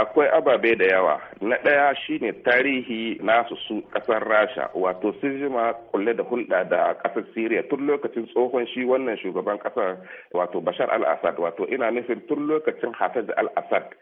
akwai ababe da yawa na ɗaya shine tarihi nasu su ƙasar rasha wato sun jima kulle da hulɗa da ƙasar siriya tun lokacin tsohon shi wannan shugaban ƙasar wato bashar al-assad wato ina nufin tun lokacin hafez al-assad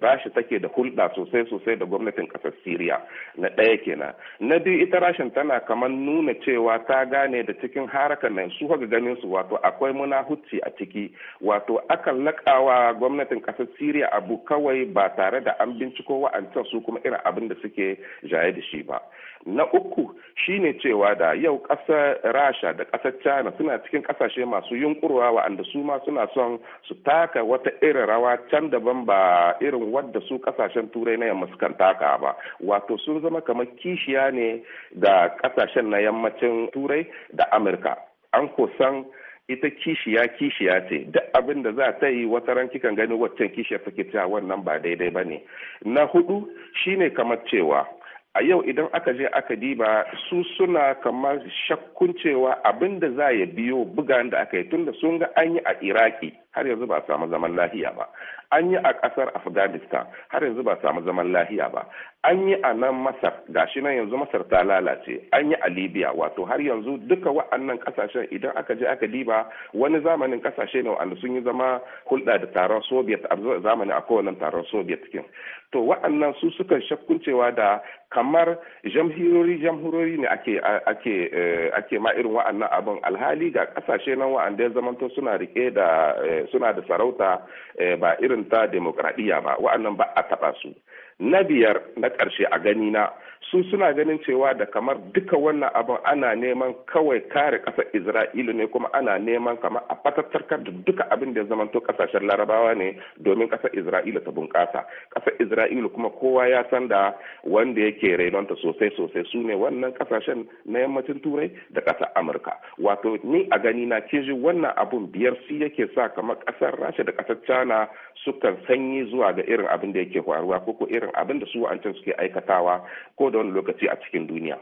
rasha take da hulɗa sosai sosai da gwamnatin ƙasar siriya na ɗaya kenan na biyu ita rashin tana kamar nuna cewa ta gane da cikin haraka nan su ga ganin su wato akwai munahuci a ciki wato akan laƙawa gwamnatin ƙasar siriya abu kawai ba tare tare da an binciko wa'ancan su kuma irin abin da suke jaye da shi ba na uku shine cewa da yau ƙasar rasha da ƙasar china suna cikin ƙasashe masu yunkurwa wa'anda su ma suna son su taka wata irin rawa can daban ba irin wadda su ƙasashen turai na yamma sukan taka ba wato sun zama kamar kishiya ne da ƙasashen na yammacin turai da amurka an kusan ita kishiya kishiya ce duk abin da za ta yi wata ran kikan gani waccan kishiyar take cewa wannan ba daidai ba ne na hudu shine kamar cewa a yau idan aka je aka diba su suna kamar shakkun cewa abin da za ya biyo bugan da aka yi tun da sun ga an yi a iraki har yanzu ba samu zaman lahiya ba an yi a kasar afghanistan har yanzu ba samu zaman lahiya ba an yi a nan masar gashi nan yanzu masar ta lalace an yi a libya wato har yanzu duka wa'annan kasashen idan aka je aka diba wani zamanin kasashe ne wa'anda sun yi zama hulɗa da taron soviet a zamanin a kowane taron soviet kin to wa'annan su suka shakkuncewa da kamar jamhurori jamhurori ne ake eh, ake ma irin wa'annan abin alhali ga kasashe nan wa'anda ya zamanto suna rike da eh, suna da sarauta eh, ba irin ta demokradiyya ba wa'annan ba a taɓa su na biyar na karshe a gani na su suna ganin cewa da kamar duka wannan abin ana neman kawai kare ƙasar isra'ila ne kuma ana neman kamar a fatattarkar da duka abin da zamanto kasashen larabawa ne domin ƙasar isra'ila ta bunƙasa ƙasar isra'ila kuma kowa ya san da wanda yake rainonta sosai sosai su ne wannan ƙasashen na yammacin turai da ƙasar amurka wato ni a gani na keji wannan abun biyar su yake sa kamar ƙasar rasha da ƙasar china sukan sanyi zuwa ga irin abin da yake faruwa ko ko irin abin da su wa'ancin suke aikatawa ko da wani lokaci a cikin duniya